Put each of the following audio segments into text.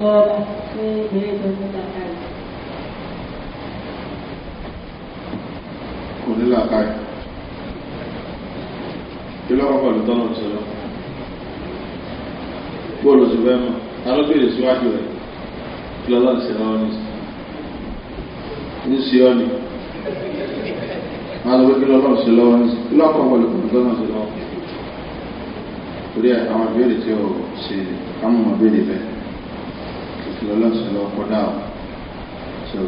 Ọba fún obìnrin tó ń ta káyì. Kò ní là káyì. Kí lọ́kọ̀ pẹ̀lú tọ́lọ̀ ń sọ̀rọ̀? Bóòlù ti fẹ́ mọ̀, ta ló bèrè síwájú rẹ̀? Kí lọ́lọ́ ń sẹ̀rọ̀ ọ́nì? Ń sí ọ́nì. Má lọ pé kí lọ́lọ́ ń sẹ̀rọ̀ ọ́nì? Kí lọ́kọ̀ pẹ̀lú tọ́lọ̀ ń sẹ̀rọ̀ ọ́nì? Torí àwọn ìbéèrè tí o ṣe, ká mọ̀ bẹ́ẹ̀ kí ọlọ́run sọ lọ so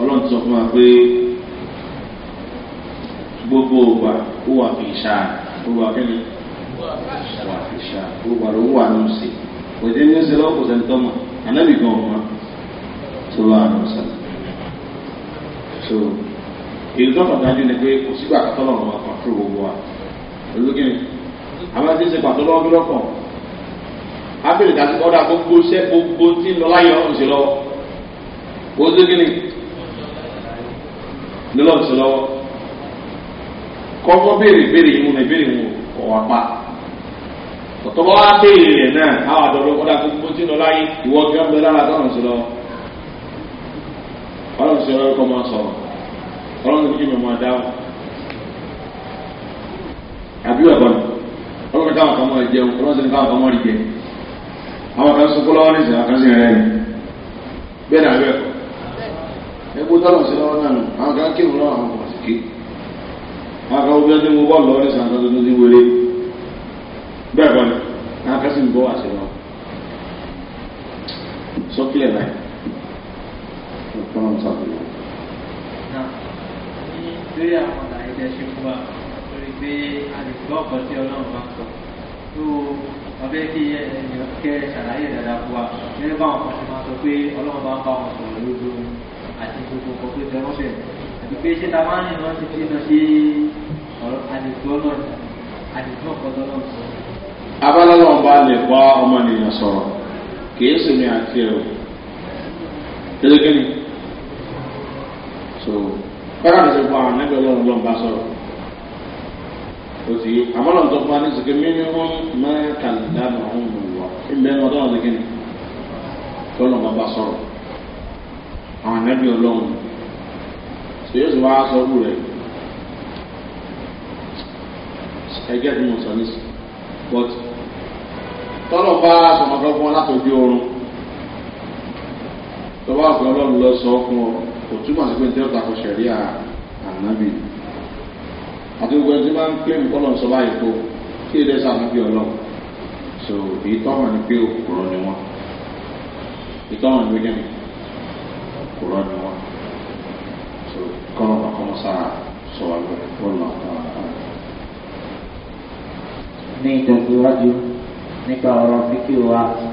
ọlọ́run sọ fún wa pé gbogbo ògbà ó wà fi ṣáà ó wà kẹ́lẹ́ wà fi ṣáà ó wà ló wà ló ń ṣe kò sí ní ṣe lọ́kùnrin sẹ́ńtọ́ ànábì gan ọ̀ma tó lọ́ àrùn sàn so èyí tó kàn dájú ni pé kò sígbà kátọ́lọ́run máa kàn fún gbogbo wa olùkíni àwọn tí ń ṣe pàtó lọ́wọ́ bí lọ́kàn bèrè dàtí ọ̀dà gbogbo sẹ́ gbogbo tí ń lọ láyé ọ̀run sí lọ́wọ́ gbogbo kí ni lọ́lọ́run sí lọ́wọ́ kọ́kọ́ bèrè bèrè yìí wọn bèrè wọn kọ̀ wá pa ọ̀tọ́ bá wá bèrè rẹ̀ náà àwọn àdọ̀dọ̀ ọ̀dà gbogbo tí ń lọ láyé ìwọ gẹ́gbẹ́ lára ọ̀run sí lọ́wọ́ ọ̀run sí lọ́wọ́ kọ́ máa sọ̀rọ̀ ọlọ́run kí ni mo máa dáhùn àbí wà bọ́lá ọlọ́run káwọn kan máa jẹun ọlọ́run sì ní káwọn kan máa rí jẹun àwọn kan sunkún lọ́wọ́ nísìnyí àwọn rẹ̀ ni bẹ́ẹ̀ náà bẹ́ẹ̀ kọ́ ẹgbẹ́ tọ́lọ̀ sí lọ́wọ́ náà nù àwọn kan kéwù lọ́wọ́ àwọn kan sì ké àwọn kan wọ́n ti mú bọ́ọ̀lù lọ́wọ́ nísìnyí àwọn tó ti wéré bẹ́ẹ̀ kọ́ ni àwọn kan sì ń bọ́ àṣẹ wọn sọ́kìlẹ̀ náà ọ̀pọ̀lọpọ̀ sàbẹ̀wò. ní lórí àwọn àlàyé tó ọbẹ̀ kí ènìyàn kẹ́ ṣàlàyé dáadáa fún wa nínú báwọn kan ṣe máa sọ pé ọlọ́run bá ń bá wọn sọ̀rọ̀ lójú àti gbogbo nǹkan tó jẹ wọ́n bẹ̀rẹ̀ àti pé ṣé ta máa ń rìn rántí bí wọ́n ṣe ọ̀rọ̀ àdìgbọ́ náà àdìgbọ́ ọ̀pọ̀lọ́ náà sọ. so bákan ní sọ fún àwọn ẹgbẹ́ ọlọ́run o ti àmọ́ lọ́n tó fún wa ní sèké mímú máa kàn dáná ọ̀hún mi wá ìbẹ́ wọn tó wọn sèké ni tọ́lọ̀ máa bá sọ̀rọ̀ àwọn anábì ọlọ́run ṣe yóò sì mo sọ ní sí but tọ́lọ̀ bá sọ̀mọ́tọ́ fún wọn látòjú oorun tọ́wọ́ àgbẹ̀ ọlọ́run lọ sọ fún ọ òtún màsí pé ní àti gbogbo ẹni tí máa ń pè mí kọ́lọ̀ sọ báyìí tó kí èdè sàmú bí ọlọ́ so ìtọ́hàn ni pé òkúrọ̀ ni wọ́n ìtọ́hàn ni pé òkúrọ̀ ni wọ́n so kọ́nà kọ́nà sára sọ wà lórí bọ́ọ̀lù àwọn àwọn. ní ìtẹ̀síwájú nípa ọ̀rọ̀ fíkì wa.